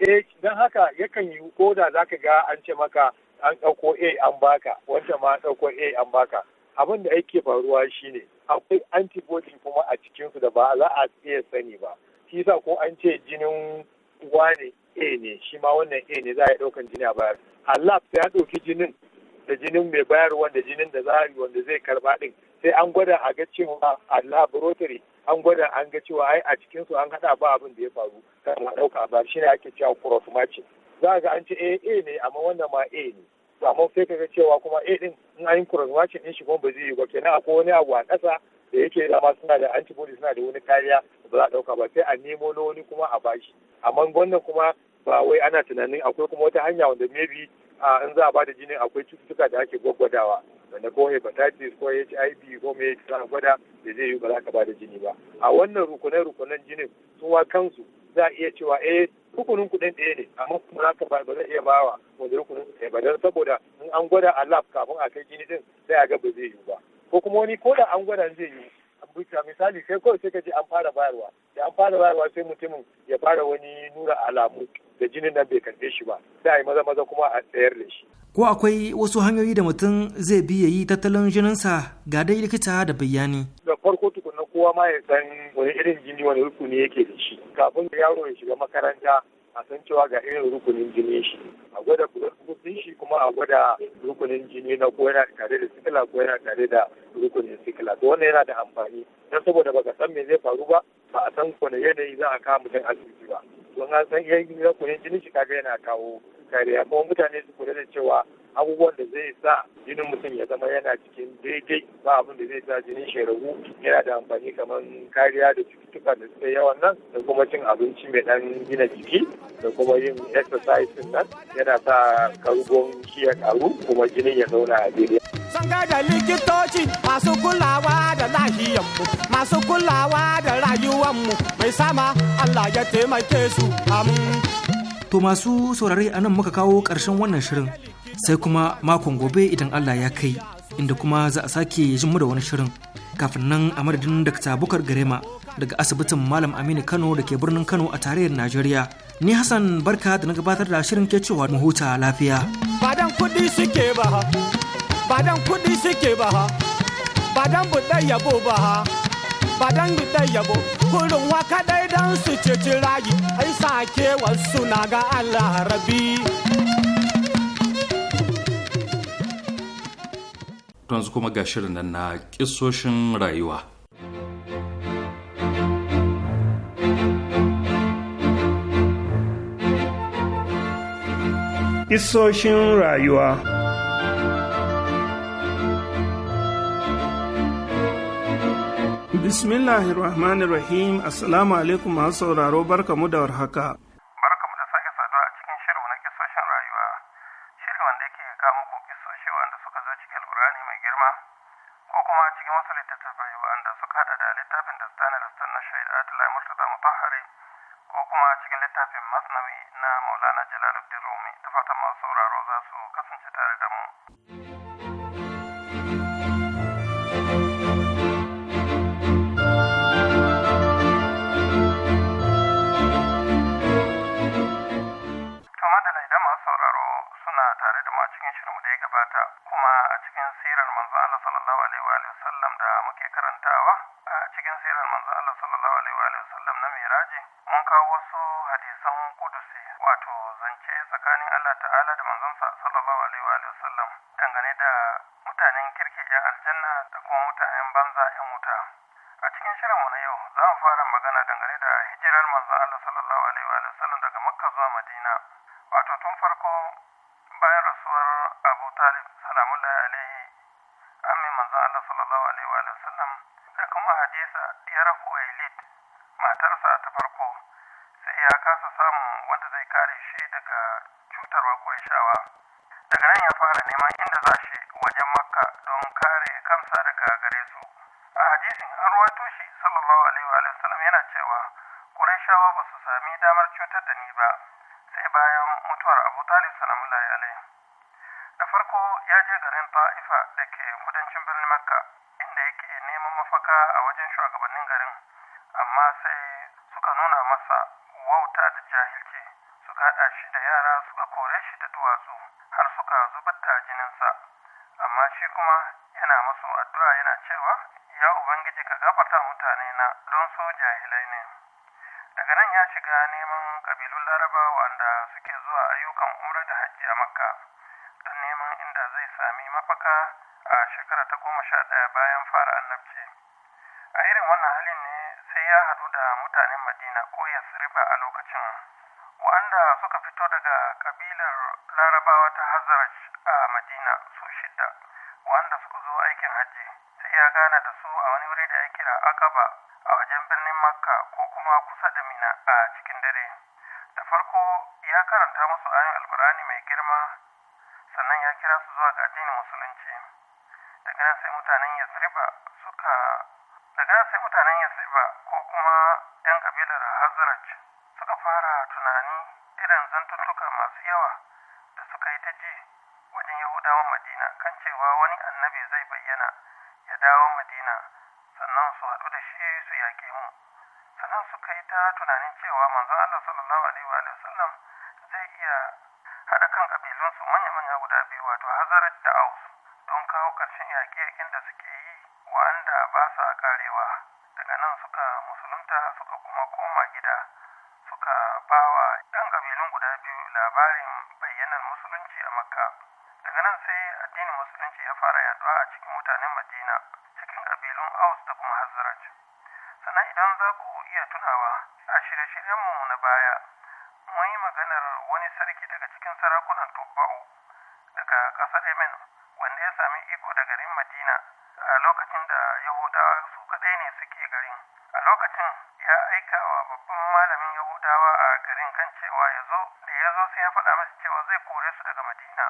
Eh don haka yakan yi ko da za ga an ce maka an ɗauko A an baka wancan ma an ɗauko A an baka abin da yake faruwa shine akwai antibody kuma a cikinsu da ba za a iya sani ba shi sa ko an ce jinin ne a ne shi ma wannan a ne za a yi ɗaukan jini a bayar allah ya ɗauki jinin da jinin mai bayar wanda jinin da za a yi wanda zai karba ɗin sai an gwada a ga cewa a laboratory an gwada an ga cewa ai a cikinsu an hada ba abin da ya faru kan a ɗauka ba shi ne ake cewa cross matching za a ga an ce eh, a ne amma wannan ma a ne to amma sai kaga cewa kuma eh din in an yi cross din shi kuma ba zai yi ba kenan akwai wani abu a ƙasa da yake da ma suna da antibody suna da wani kariya ba za a ɗauka ba sai a nemo na wani kuma a bashi amma wannan kuma ba wai ana tunanin akwai kuma wata hanya wanda maybe in za a bada jini akwai cututtuka da ake gwaggwadawa wanda ko hepatitis ko HIV ko me za a gwada da zai yi ba za ka bada jini ba a wannan rukunan rukunan jinin su kansu za a iya cewa eh rukunin kuɗin ɗaya ne amma kuma za ka ba ba zai iya ba wa wanda rukunin ɗaya ba don saboda in an gwada a lab kafin a kai jini din sai a ga ba zai yiwu ba ko kuma wani ko da an gwada zai yiwu bisa misali sai kawai sai ka ji an fara bayarwa da an fara bayarwa sai mutumin ya fara wani nura alamu da jinin nan bai karɓe shi ba sai a yi maza maza kuma a tsayar da shi. ko akwai wasu hanyoyi da mutum zai bi ya yi tattalin jininsa ga dai likita da bayani. da farko kowa ma ya san wani irin jini wani rukuni yake da shi kafin da yaro ya shiga makaranta a san cewa ga irin rukunin jini shi a gwada rukunin shi kuma a gwada rukunin jini na ko yana tare da sikila ko yana tare da rukunin sikila to wannan yana da amfani don saboda baka san me zai faru ba ba a san kwana yanayi za a kawo mutum asibiti ba don an san yayin rukunin jini shi kaga yana kawo kariya kuma mutane su kula da cewa abubuwan da zai sa jinin mutum ya zama yana cikin daidai ba abin da zai sa jinin shi ragu yana da amfani kamar kariya da cututtuka da suka yawan nan da kuma cin abinci mai dan gina jiki da kuma yin exercise nan yana sa karugon shi ya karu kuma jinin ya zauna a daidai. Sun da likitoci masu kulawa da mu masu kulawa da mu mai sama Allah ya taimake su To masu saurari a nan muka kawo karshen wannan shirin sai kuma makon gobe idan Allah ya kai inda kuma za a sake jin da wani shirin kafin nan a madadin Dr. Bukar Garema daga asibitin Malam Aminu Kano da ke birnin Kano a tarayyar Najeriya. Ni Hassan Barka da na gabatar da shirin ke cewa mu huta lafiya. Badan kuɗi suke ba ha, badan kuɗi suke ba ha, badan buɗe yabo ba ha, badan buɗe yabo, kurin waka ɗai don su ceci rayu, ai sake wasu na ga Allah rabi. yanzu kuma ga shirin nan na kisoshin rayuwa. Kisoshin rayuwa Bismillahirrahmanirrahim Assalamu alaikum masu sauraro barkamu da warhaka. ya aljanna da kuma mutanen banza 'yan wuta a cikin shirinmu na yau za mu fara magana dangane da hijirar manzon Allah sallallahu alaihi wa sallam daga Makka zuwa Madina ya je garin ta'ifa da ke kudancin birnin makka inda yake neman mafaka a wajen shugabannin garin amma sai suka nuna masa wauta da jahilci suka haɗa shi da yara suka kore shi da duwatsu har suka zubar da jininsa amma shi kuma yana masu addu'a yana cewa ya ubangiji ka gafarta mutane na don su jahilai ne daga nan ya shiga neman ƙabilun laraba wanda suke makka a shekara ta goma sha ɗaya bayan fara annabci a irin wannan halin ne sai ya haɗu da mutanen madina ko ya riba a lokacin wa'anda suka fito daga kabilar larabawa ta hazaraj a madina su shidda wa'anda suka zo aikin hajji sai ya gana da su a wani wuri da ya kira akaba a wajen birnin makka ko kuma kusa da mina a cikin dare da farko ya karanta musu ayin alkurani mai girma sannan ya kira su zuwa ga daga sai mutanen yasriba ko kuma 'yan kabilar hazraj suka fara tunani irin zantuttuka masu yawa da suka yi ta ji wajen yahudawa madina kan cewa wani annabi zai bayyana ya dawo madina sannan su haɗu da shi su yaƙe mu sannan suka yi ta tunanin cewa manzon allah sallallahu alaihi wa sallam zai iya haɗa kan ƙabilunsu manya-manya guda biyu wato hazraj addinin musulunci ya fara yaduwa a cikin mutanen madina cikin kabilun aus da kuma hazraj sannan idan za ku iya tunawa a shirye-shiryenmu na baya mun yi maganar wani sarki daga cikin sarakunan tubba'u daga ƙasar yemen wanda ya sami iko da garin madina a lokacin da yahudawa su kaɗai ne suke garin a lokacin ya aika wa babban malamin yahudawa a garin kan cewa ya zo da ya zo sai ya faɗa masa cewa zai kore su daga madina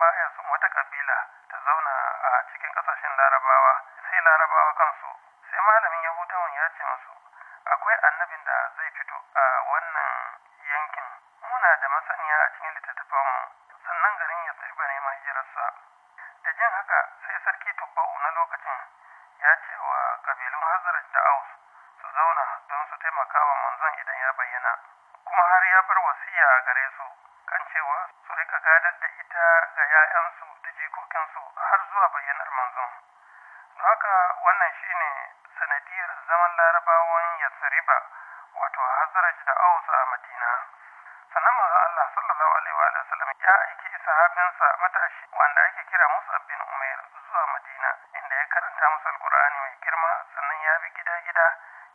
bayan sun wata kabila ta zauna a cikin kasashen larabawa sai larabawa kansu sai malamin yahudawan ya ce masu, akwai annabin da zai fito a wannan yankin muna da masaniya a cikin littattafan sannan garin ya tsirba ne hijirarsa da jin haka sai sarki tubba'u na lokacin ya ce wa kabilun hazrat da aus su zauna don su taimaka wa manzon idan ya bayyana kuma har ya bar wasiya a gare su kan cewa su rika gadar da 'ya'yansu da jikokinsu har zuwa bayyanar manzon don haka wannan shi ne sanadiyar zaman larabawan yatsariba wato hazaraj da aus a madina sannan manzon allah sallallahu alaihi wa sallam ya aiki sahabinsa matashi wanda ake kira musab bin umair zuwa madina inda ya karanta musu alkur'ani mai girma sannan ya bi gida-gida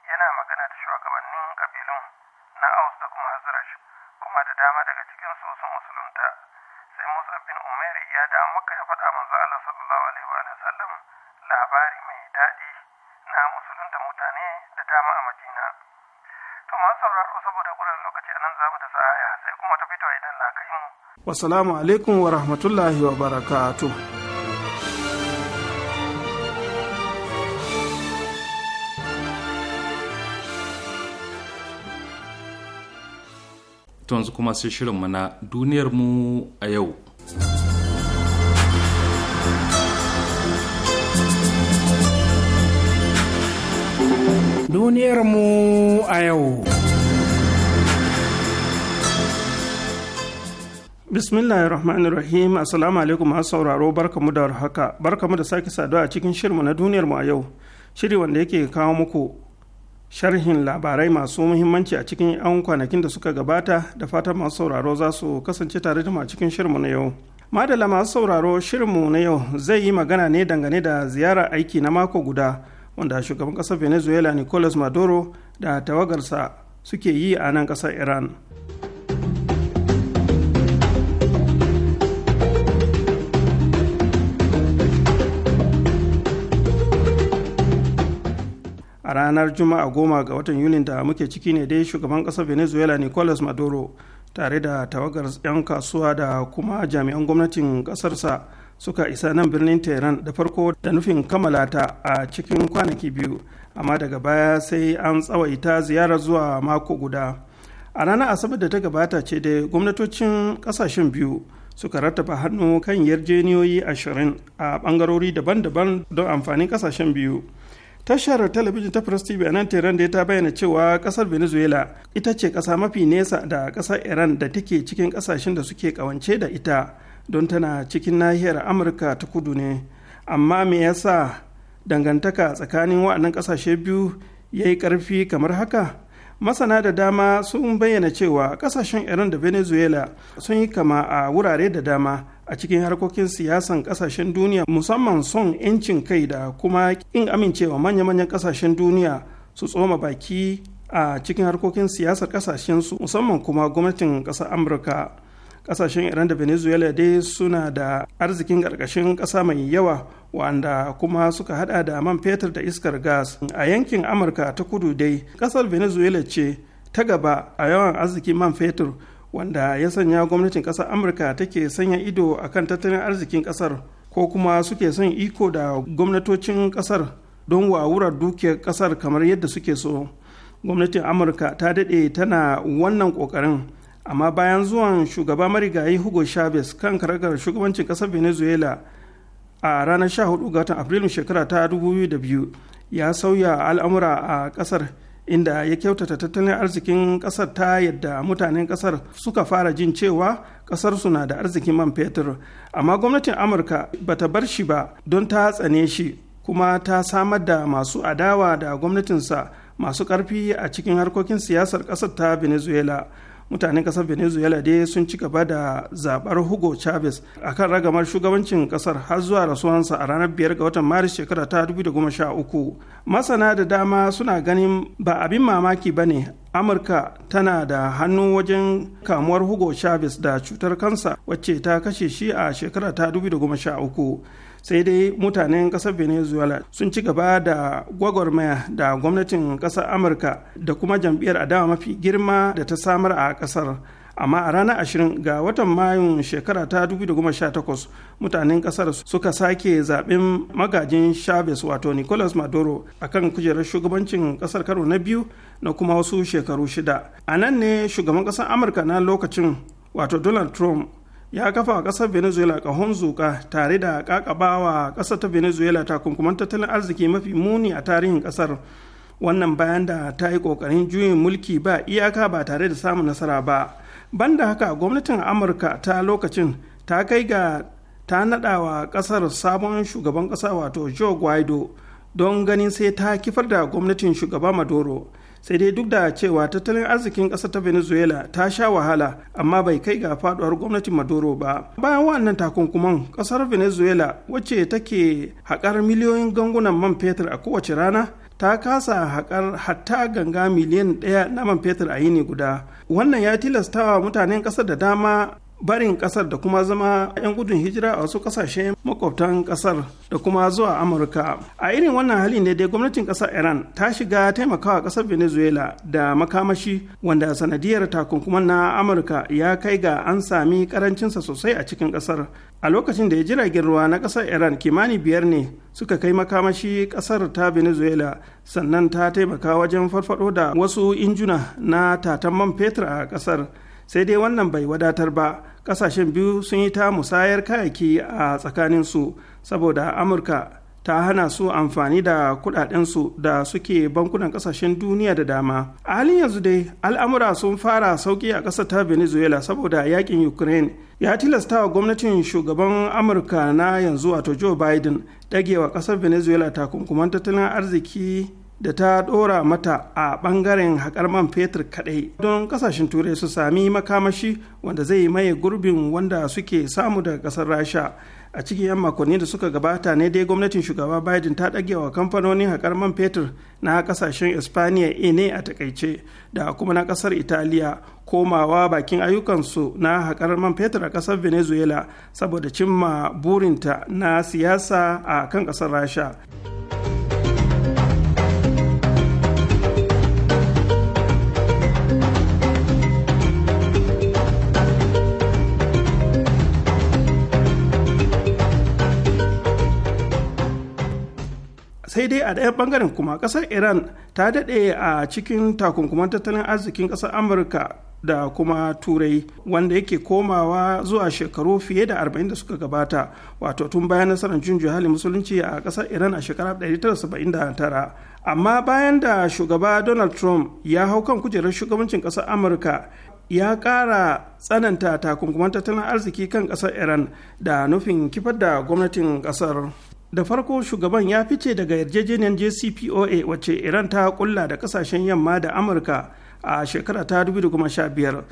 yana magana da shugabannin kabilun na aus da kuma hazaraj kuma da dama daga cikin su ya da muka ya faɗa manzo Allah sallallahu alaihi wa sallam labari mai daɗi na musulunta mutane da dama a Madina to ma sauraro saboda ƙuran lokaci anan za mu da sa'aya sai kuma ta fito idan na kai mu wassalamu alaikum wa rahmatullahi wa barakatuh To yanzu kuma sai shirin mana duniyarmu a yau. duniyarmu a yau. ar-rahim Assalamu alaikum masu sauraro barkamu da haka barkamu da sake saduwa a cikin shirmu na duniyarmu a yau shiri wanda yake kawo muku sharhin labarai masu muhimmanci a cikin 'yan kwanakin da suka gabata da fatan masu sauraro za su kasance tare da mu a cikin shirmu na yau. Madala masu sauraro shirinmu na yau zai yi magana ne dangane da ziyara aiki na mako guda wanda shugaban kasar venezuela nicolas maduro da tawagarsa suke yi a nan kasar iran a ranar juma'a goma ga watan yulin da muke ciki ne dai shugaban kasar venezuela nicolas maduro tare da tawagar 'yan kasuwa da kuma jami'an gwamnatin ƙasarsa suka isa nan birnin tehran da farko da nufin kammala ta a cikin kwanaki biyu amma daga baya sai an tsawaita ziyarar zuwa mako guda a ranar asabar da ta gabata ce da gwamnatocin kasashen biyu suka rattaba hannu kan yarjeniyoyi ashirin a bangarori daban-daban don amfanin kasashen biyu tashar talabijin ta press tv a nan tehran da ta bayyana cewa kasar venezuela ita ce kasa mafi nesa da kasar iran da take cikin kasashen da suke kawance da ita don tana cikin nahiyar amurka ta kudu ne amma me yasa dangantaka tsakanin waɗannan ƙasashe biyu ya yi ƙarfi kamar haka masana da dama sun bayyana cewa ƙasashen iran da venezuela sun yi kama a wurare da dama a cikin harkokin siyasan ƙasashen duniya musamman son 'yancin kai da kuma ƙin amincewa manya-manyan ƙasashen duniya su tsoma baki a cikin harkokin siyasar ƙasashensu musamman kuma gwamnatin ƙasar amurka kasashen iran da venezuela dai suna da arzikin karkashin kasa mai yawa wanda kuma suka hada da man fetur da iskar gas a yankin amurka ta kudu dai kasar venezuela ce ta gaba a yawan arzikin man fetur wanda ya sanya gwamnatin kasar amurka take sanya ido akan tattalin arzikin kasar. ko kuma suke son iko da gwamnatocin kasar don wawurar dukiyar kasar kamar yadda suke so gwamnatin amurka ta daɗe tana wannan ƙoƙarin amma bayan zuwan shugaba marigayi hugo chavez kan karagar shugabancin kasar venezuela a ranar 14 ga watan afrilun shekara ta 2002 ya sauya al'amura a kasar inda ya kyautata tattalin arzikin kasar ta yadda mutanen kasar suka fara jin cewa kasar suna da arzikin man fetur amma gwamnatin amurka ba ta bar shi ba don ta tsane shi kuma ta samar da masu adawa da gwamnatinsa masu karfi a cikin harkokin siyasar kasar ta venezuela mutanen kasar venezuela dai sun ci gaba da zabar hugo chavez a kan ragamar shugabancin kasar har zuwa rasuwansa a ranar 5 ga watan maris shekara ta 2013 masana da dama suna ganin ba abin mamaki ba ne amurka tana da hannu wajen kamuwar hugo chavez da cutar kansa wacce ta kashe shi a shekara ta 2013 sai dai mutanen kasar venezuela sun ci gaba da gwagwarmaya da gwamnatin kasar amurka da kuma jam'iyyar adawa mafi girma da ta samar a kasar amma a ranar 20 ga watan mayun shekara ta 2018 mutanen kasar suka sake zaɓen magajin chavez wato nicolas maduro akan kujerar shugabancin kasar karo na biyu na kuma wasu shekaru shida a nan ne shugaban kasar amurka na lokacin wato donald trump ya kafa kasar venezuela ƙahon zuƙa tare da ƙaƙabawa kasar ta venezuela ta takunkuman tattalin arziki mafi muni a tarihin kasar wannan bayan da ta yi ƙoƙarin juyin mulki ba iyaka ba tare da samun nasara ba banda haka gwamnatin amurka ta lokacin ta kai ga ta naɗa wa ƙasar sabon shugaban ƙasa wato joe guaido don ganin sai ta kifar da gwamnatin shugaba maduro sai dai duk da cewa tattalin arzikin ƙasar ta venezuela ta sha wahala amma bai kai ga faduwar gwamnatin maduro ba bayan wannan takunkuman ƙasar venezuela wacce take haƙar miliyoyin gangunan man fetur a kowace rana ta kasa haƙar hatta ganga miliyan ɗaya na man fetur a yini guda wannan ya tilastawa mutanen ƙasar da dama barin kasar da kuma zama 'yan gudun hijira a wasu kasashe makwabtan kasar da kuma zuwa amurka a irin wannan halin ne dai gwamnatin kasar iran ta shiga taimakawa kasar venezuela da makamashi wanda sanadiyar takunkuman na amurka ya kai ga an sami karancinsa sosai a cikin kasar a lokacin da ya jiragen ruwa na kasar iran kimani biyar ne suka kai makamashi kasar ta venezuela sannan ta taimaka wajen farfado da wasu injuna na tatan man fetur a kasar sai dai wannan bai wadatar ba kasashen biyu sun yi ta musayar kayaki a tsakaninsu saboda amurka ta hana su amfani da kudadensu da suke bankunan kasashen duniya da dama a halin yanzu dai al'amura sun fara sauki a ƙasar ta venezuela saboda yakin ukraine ya tilasta wa gwamnatin shugaban amurka na yanzu wato joe biden dagewa ƙasar venezuela takunkuman tattalin arziki da ta dora mata a bangaren haƙar man fetur kaɗai don ƙasashen turai su sami makamashi wanda zai maye gurbin wanda suke samu daga ƙasar rasha a cikin 'yan makonni da suka gabata ne dai gwamnatin shugaba biden ta ɗage wa kamfanonin haƙar man fetur na ƙasashen espaniya ene a takaice da kuma na ƙasar italiya komawa bakin ayyukansu na haƙar man fetur a ƙasar venezuela saboda cimma burinta na siyasa a kan ƙasar rasha sai dai a ɗaya ɓangaren kuma ƙasar iran ta daɗe a cikin takunkuman tattalin arzikin ƙasar amurka da kuma turai wanda yake komawa zuwa shekaru fiye da 40 da suka gabata wato tun bayan nasarar jin hali musulunci a ƙasar iran a shekarar 1979 amma bayan da shugaba donald trump ya hau kan kujerar shugabancin ƙasar amurka ya ƙara tsananta takunkuman tattalin arziki kan ƙasar iran da nufin kifar da gwamnatin ƙasar da farko shugaban ya fice daga yarjejeniyar jcpoa wacce iran ta kulla da kasashen yamma da amurka a shekara ta 2015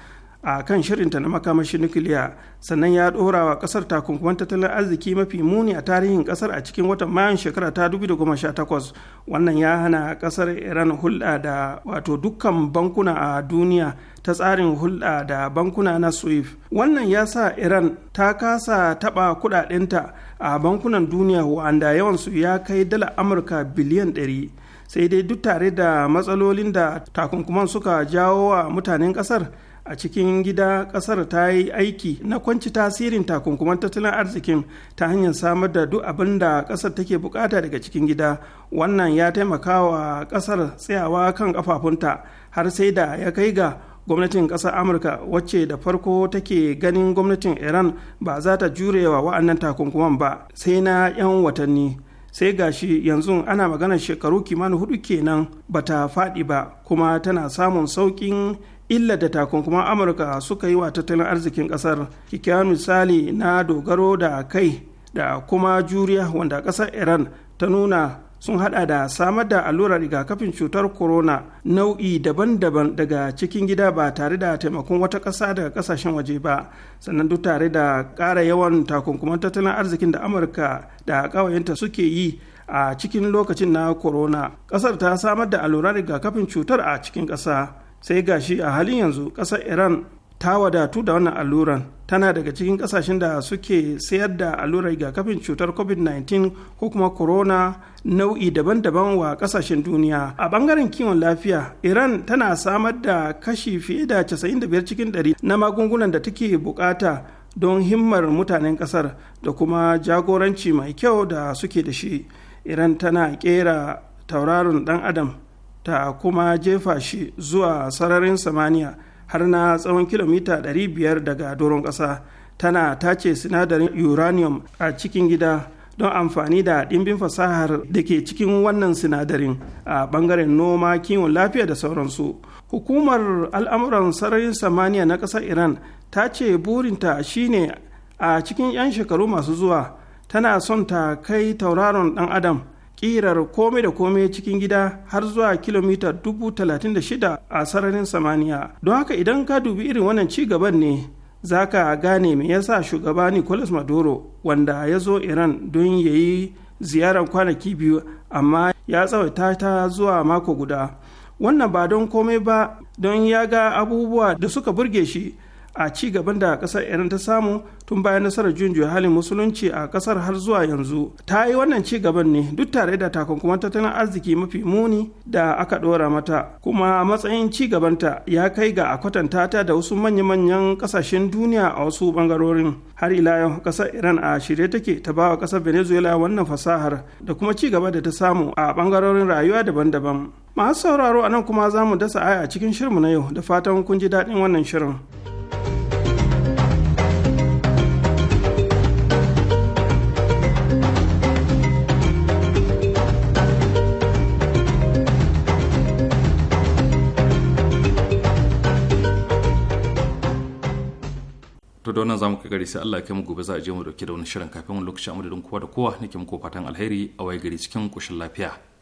a kan shirinta na makamashin nukiliya sannan ya dora wa ƙasar takunkuman tattalin arziki mafi muni a tarihin kasar a cikin watan mayan shekara ta 2018 wannan ya hana kasar iran hulɗa da wato dukkan bankuna a duniya ta tsarin hulɗa da bankuna na swift wannan ya sa iran ta kasa taɓa kuɗaɗenta a bankunan duniya wa'anda yawansu ya kai dala amurka biliyan ɗari sai dai duk tare da matsalolin da takunkuman suka jawo wa mutanen ƙasar a cikin gida kasar ta yi aiki na kwanci tasirin takunkuman tattalin arzikin ta hanyar samar da duk abin da kasar take bukata daga cikin gida wannan ya taimaka wa kasar tsayawa kan kafafunta har sai da ya kai ga gwamnatin kasar amurka wacce da farko take ganin gwamnatin iran ba za ta jurewa wa'annan takunkuman ba sai na 'yan watanni sai gashi yanzu ana maganar shekaru kimanin hudu kenan ba ta faɗi ba kuma tana samun sauƙin illar da takunkuman amurka suka yi wa tattalin arzikin ƙasar kikiyar misali na dogaro da kai da kuma juriya wanda ƙasar iran ta nuna sun hada da samar da allurar rigakafin cutar corona nau'i daban-daban daga cikin gida ba tare da taimakon wata ƙasa daga ƙasashen waje ba sannan duk tare da ƙara yawan takunkuman tattalin arzikin da amurka da kawayenta suke yi a cikin lokacin na corona ƙasar ta samar da allurar rigakafin cutar a cikin ƙasa sai gashi a halin yanzu ƙasar iran ta wadatu da wannan alluran tana daga cikin kasashen da suke sayar da allurar kafin cutar covid-19 ko kuma corona nau'i daban-daban wa kasashen duniya a bangaren kiwon lafiya iran tana samar da kashi fiye da 95 cikin 100 na magungunan da take bukata don himmar mutanen kasar da kuma jagoranci mai kyau da suke da shi iran tana kera tauraron dan adam ta kuma jefa shi zuwa sararin samaniya har na tsawon kilomita 500 daga doron ƙasa tana tace sinadarin uranium a cikin gida don amfani da ɗimbin fasahar da ke cikin wannan sinadarin a ɓangaren noma kiwon lafiya da sauransu hukumar al'amuran sararin samaniya na ƙasar iran ta ce burinta shine a cikin 'yan shekaru masu zuwa tana son ta kai tauraron dan adam ƙirar komai da komai cikin gida har zuwa kilomita dubu talatin da shida a sararin samaniya don haka idan ka dubi irin wannan ci gaban ne za ka gane me yasa shugaba nicolas maduro wanda ya zo iran don ya yi ziyarar kwanaki biyu amma ya tsawaita ta zuwa mako guda wannan ba don komai ba don ya ga abubuwa da suka burge shi a ci gaban da kasar iran ta samu tun bayan nasarar juyin halin musulunci a kasar har zuwa yanzu ta yi wannan ci gaban ne duk tare da takunkuman tattalin arziki mafi muni da aka dora mata kuma matsayin ci gabanta ya kai ga a ta da wasu manya-manyan kasashen duniya a wasu bangarorin har ila yau kasar iran a shirye take ta bawa kasar venezuela wannan fasahar da kuma ci gaba da ta samu a bangarorin rayuwa daban-daban masu sauraro a nan kuma za mu dasa aya a cikin shirmu na yau da fatan kun ji daɗin wannan shirin. to da wannan zamu kai gari sai Allah ya kai mu gobe za a je mu dauke da wani shirin kafin wani lokaci a kowa da kowa nake muku fatan alheri a waye gari cikin koshin lafiya